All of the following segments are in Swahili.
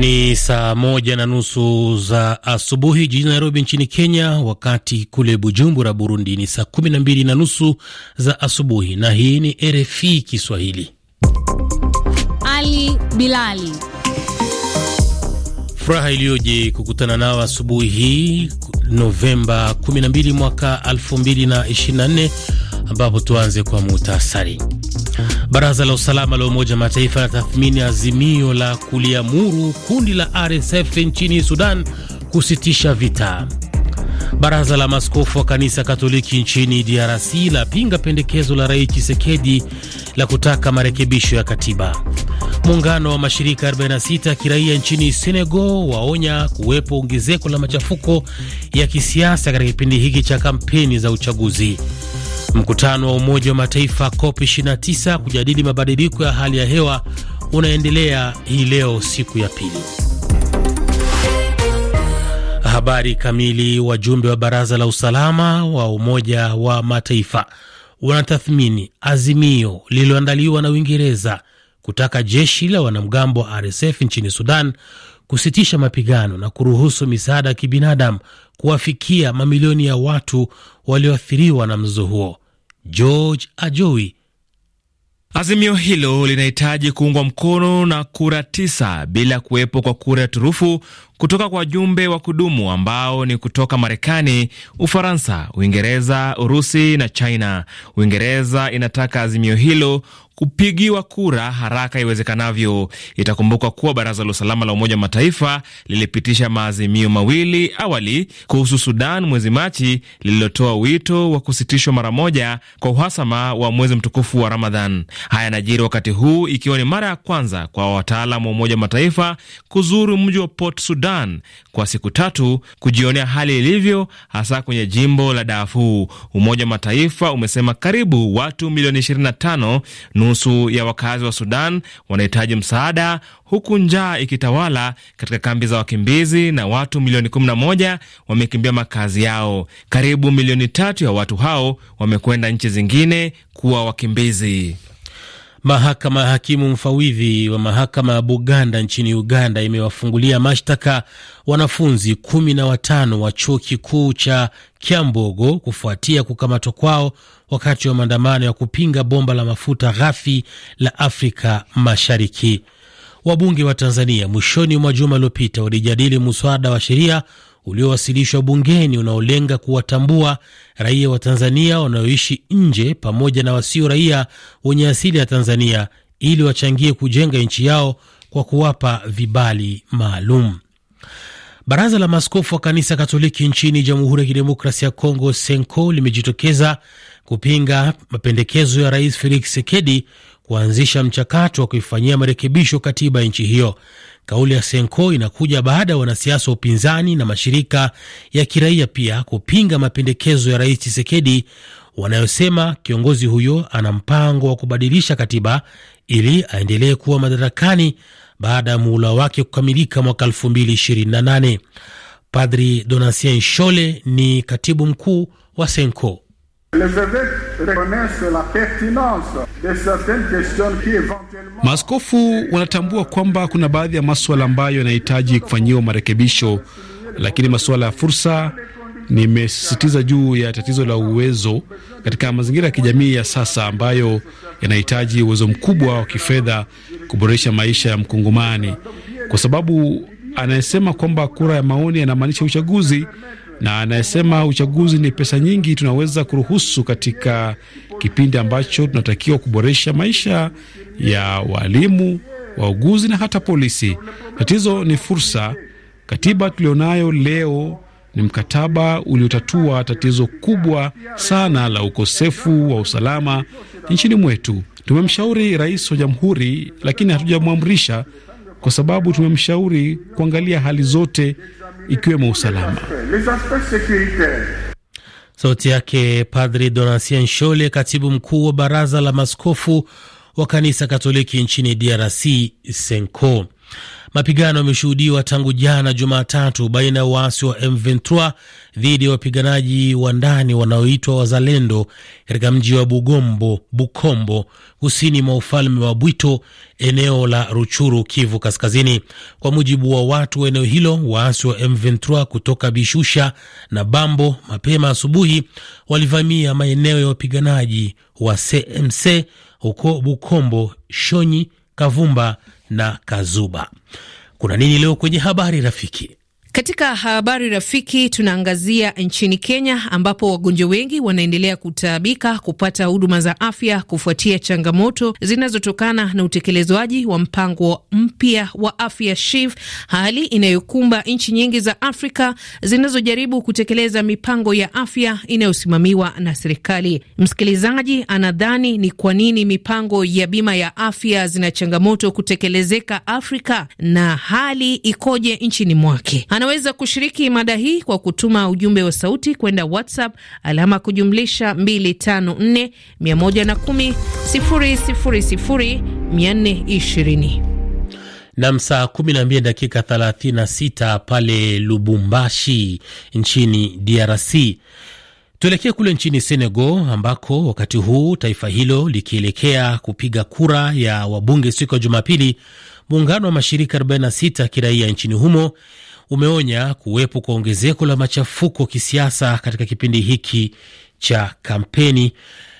Ni saa moja na nusu za asubuhi jijini Nairobi nchini Kenya, wakati kule Bujumbura Burundi ni saa kumi na mbili na nusu za asubuhi. Na hii ni RFI Kiswahili. Ali Bilali, furaha iliyoje kukutana nao asubuhi hii Novemba 12 mwaka 2024, ambapo tuanze kwa muhtasari Baraza la usalama la Umoja Mataifa linatathmini azimio la kuliamuru kundi la RSF nchini Sudan kusitisha vita. Baraza la maskofu wa kanisa Katoliki nchini DRC lapinga pendekezo la Rais chisekedi la kutaka marekebisho ya katiba. Muungano wa mashirika 46 kiraia nchini Senegal waonya kuwepo ongezeko la machafuko ya kisiasa katika kipindi hiki cha kampeni za uchaguzi. Mkutano wa Umoja wa Mataifa COP 29 kujadili mabadiliko ya hali ya hewa unaendelea hii leo siku ya pili. Habari kamili. Wajumbe wa Baraza la Usalama wa Umoja wa Mataifa wanatathmini azimio lililoandaliwa na Uingereza kutaka jeshi la wanamgambo wa RSF nchini Sudan kusitisha mapigano na kuruhusu misaada ya kibinadamu kuwafikia mamilioni ya watu walioathiriwa na mzozo huo. George Ajoi. Azimio hilo linahitaji kuungwa mkono na kura tisa bila kuwepo kwa kura ya turufu kutoka kwa wajumbe wa kudumu ambao ni kutoka Marekani, Ufaransa, Uingereza, Urusi na China. Uingereza inataka azimio hilo kupigiwa kura haraka iwezekanavyo. Itakumbukwa kuwa baraza la usalama la Umoja wa Mataifa lilipitisha maazimio mawili awali kuhusu Sudan mwezi Machi, lililotoa wito wa kusitishwa mara moja kwa uhasama wa mwezi mtukufu wa Ramadhan. Haya yanajiri wakati huu ikiwa ni mara ya kwanza kwa wataalam wa Umoja wa Mataifa kuzuru mji wa Port Sudan Sudan kwa siku tatu kujionea hali ilivyo, hasa kwenye jimbo la Darfur. Umoja wa Mataifa umesema karibu watu milioni 25, nusu ya wakazi wa Sudan, wanahitaji msaada, huku njaa ikitawala katika kambi za wakimbizi na watu milioni 11 wamekimbia makazi yao. Karibu milioni tatu ya watu hao wamekwenda nchi zingine kuwa wakimbizi. Mahakama ya hakimu mfawidhi wa mahakama ya Buganda nchini Uganda imewafungulia mashtaka wanafunzi kumi na watano wa chuo kikuu cha Kyambogo kufuatia kukamatwa kwao wakati wa maandamano ya kupinga bomba la mafuta ghafi la Afrika Mashariki. Wabunge wa Tanzania mwishoni mwa juma lililopita walijadili muswada wa sheria uliowasilishwa bungeni unaolenga kuwatambua raia wa Tanzania wanaoishi nje pamoja na wasio raia wenye asili ya Tanzania ili wachangie kujenga nchi yao kwa kuwapa vibali maalum. Baraza la maaskofu wa kanisa Katoliki nchini Jamhuri ya Kidemokrasia ya Kongo, SENKO, limejitokeza kupinga mapendekezo ya Rais Felix Tshisekedi kuanzisha mchakato wa kuifanyia marekebisho katiba ya nchi hiyo. Kauli ya Senko inakuja baada ya wanasiasa wa upinzani na mashirika ya kiraia pia kupinga mapendekezo ya Rais chisekedi wanayosema kiongozi huyo ana mpango wa kubadilisha katiba ili aendelee kuwa madarakani baada ya muhula wake kukamilika mwaka 2028. Padri Donatien Shole ni katibu mkuu wa Senko. Maaskofu wanatambua kwamba kuna baadhi ya maswala ambayo yanahitaji kufanyiwa marekebisho, lakini masuala ya fursa, nimesisitiza juu ya tatizo la uwezo katika mazingira ya kijamii ya sasa ambayo yanahitaji uwezo mkubwa wa kifedha kuboresha maisha ya Mkongomani, kwa sababu anayesema kwamba kura ya maoni yanamaanisha uchaguzi na anayesema uchaguzi ni pesa nyingi tunaweza kuruhusu katika kipindi ambacho tunatakiwa kuboresha maisha ya walimu, wauguzi na hata polisi. Tatizo ni fursa. Katiba tulionayo leo ni mkataba uliotatua tatizo kubwa sana la ukosefu wa usalama nchini mwetu. Tumemshauri rais wa jamhuri, lakini hatujamwamrisha, kwa sababu tumemshauri kuangalia hali zote ikiwemo usalama. Sauti yake Padri Donatien Shole, katibu mkuu wa baraza la maskofu wa kanisa Katoliki nchini DRC, senco Mapigano yameshuhudiwa tangu jana Jumatatu baina ya waasi wa M23 dhidi ya wapiganaji wa ndani wanaoitwa Wazalendo katika mji wa Bugombo, Bukombo, kusini mwa ufalme wa Bwito, eneo la Ruchuru, Kivu Kaskazini. Kwa mujibu wa watu wa eneo hilo, waasi wa M23 kutoka Bishusha na Bambo mapema asubuhi walivamia maeneo ya wapiganaji wa CMC huko Bukombo, Shonyi, Kavumba na Kazuba. Kuna nini leo kwenye habari rafiki? Katika habari rafiki, tunaangazia nchini Kenya ambapo wagonjwa wengi wanaendelea kutaabika kupata huduma za afya kufuatia changamoto zinazotokana na utekelezwaji wa mpango mpya wa afya SHIF, hali inayokumba nchi nyingi za Afrika zinazojaribu kutekeleza mipango ya afya inayosimamiwa na serikali. Msikilizaji anadhani ni kwa nini mipango ya bima ya afya zina changamoto kutekelezeka Afrika na hali ikoje nchini mwake? Anaweza Unaweza kushiriki mada hii kwa kutuma ujumbe wa sauti kwenda WhatsApp alama kujumlisha 254 110 000 420 nam saa 12 dakika 36 pale Lubumbashi nchini DRC. Tuelekee kule nchini Senegal ambako wakati huu taifa hilo likielekea kupiga kura ya wabunge siku ya Jumapili, muungano wa mashirika 46 kiraia nchini humo umeonya kuwepo kwa ongezeko la machafuko kisiasa katika kipindi hiki cha kampeni,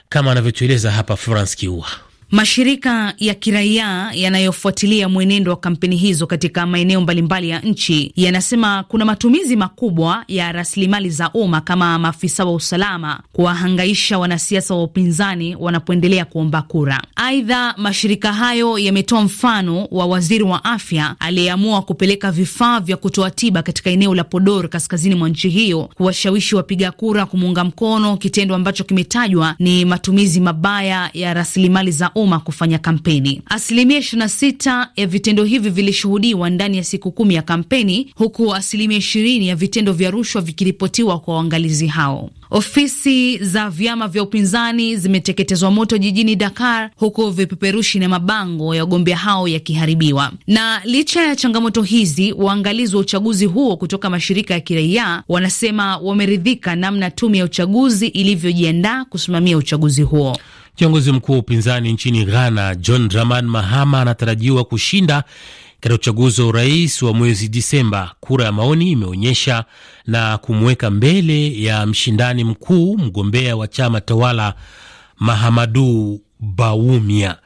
kama anavyotueleza hapa Florence Kiua. Mashirika ya kiraia yanayofuatilia mwenendo wa kampeni hizo katika maeneo mbalimbali ya nchi yanasema kuna matumizi makubwa ya rasilimali za umma kama maafisa wa usalama kuwahangaisha wanasiasa wa upinzani wanapoendelea kuomba kura. Aidha, mashirika hayo yametoa mfano wa waziri wa afya aliyeamua kupeleka vifaa vya kutoa tiba katika eneo la Podor kaskazini mwa nchi hiyo kuwashawishi wapiga kura kumuunga mkono, kitendo ambacho kimetajwa ni matumizi mabaya ya rasilimali za umma umma kufanya kampeni. Asilimia sita ya vitendo hivi vilishuhudiwa ndani ya siku kumi ya kampeni, huku asilimia ishirini ya vitendo vya rushwa vikiripotiwa kwa waangalizi hao. Ofisi za vyama vya upinzani zimeteketezwa moto jijini Dakar, huku vipeperushi na mabango ya wagombea hao yakiharibiwa. Na licha ya changamoto hizi, waangalizi wa uchaguzi huo kutoka mashirika ya kiraia wanasema wameridhika namna tume ya uchaguzi ilivyojiandaa kusimamia uchaguzi huo. Kiongozi mkuu wa upinzani nchini Ghana, John Draman Mahama, anatarajiwa kushinda katika uchaguzi wa urais wa mwezi Disemba. Kura ya maoni imeonyesha na kumweka mbele ya mshindani mkuu, mgombea wa chama tawala Mahamadu Bawumia.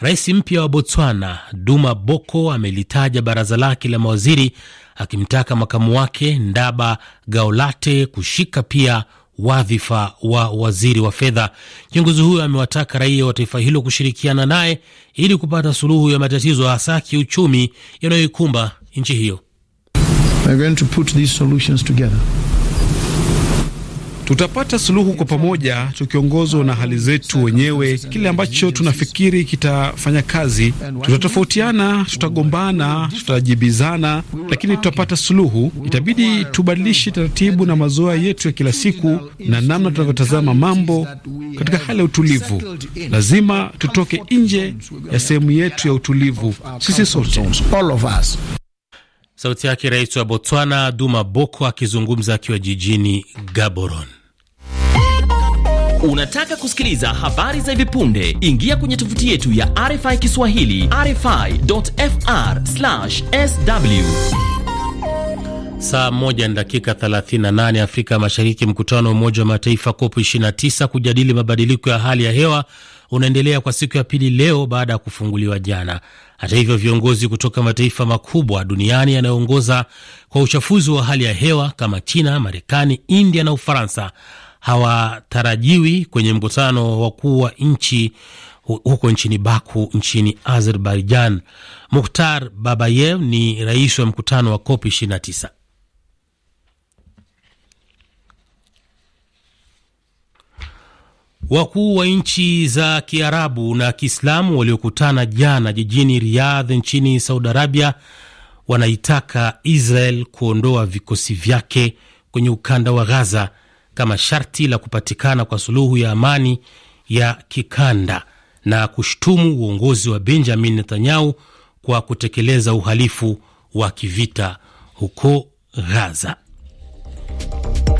Rais mpya wa Botswana Duma Boko amelitaja baraza lake la mawaziri akimtaka makamu wake Ndaba Gaolate kushika pia wadhifa wa waziri wa fedha. Kiongozi huyo amewataka raia wa taifa hilo kushirikiana naye ili kupata suluhu ya matatizo hasa kiuchumi yanayoikumba nchi hiyo. Tutapata suluhu kwa pamoja, tukiongozwa na hali zetu wenyewe, kile ambacho tunafikiri kitafanya kazi. Tutatofautiana, tutagombana, tutajibizana, lakini tutapata suluhu. Itabidi tubadilishe taratibu na mazoea yetu ya kila siku na namna tunavyotazama mambo katika hali ya utulivu. Lazima tutoke nje ya sehemu yetu ya utulivu, sisi sote. Sauti yake rais wa Botswana Duma Boko akizungumza akiwa jijini Gaborone. Unataka kusikiliza habari za hivi punde? Ingia kwenye tovuti yetu ya RFI Kiswahili, rfi.fr/sw. Saa moja na dakika 38 Afrika Mashariki. Mkutano wa Umoja wa Mataifa COP 29 kujadili mabadiliko ya hali ya hewa unaendelea kwa siku ya pili leo baada ya kufunguliwa jana. Hata hivyo, viongozi kutoka mataifa makubwa duniani yanayoongoza kwa uchafuzi wa hali ya hewa kama China, Marekani, India na Ufaransa hawatarajiwi kwenye mkutano wakuu wa nchi huko nchini Baku nchini Azerbaijan. Mukhtar Babayev ni rais wa mkutano wa COP 29. Wakuu wa nchi za Kiarabu na Kiislamu waliokutana jana jijini Riyadh nchini Saudi Arabia wanaitaka Israel kuondoa vikosi vyake kwenye ukanda wa Gaza kama sharti la kupatikana kwa suluhu ya amani ya kikanda na kushtumu uongozi wa Benjamin Netanyahu kwa kutekeleza uhalifu wa kivita huko Gaza.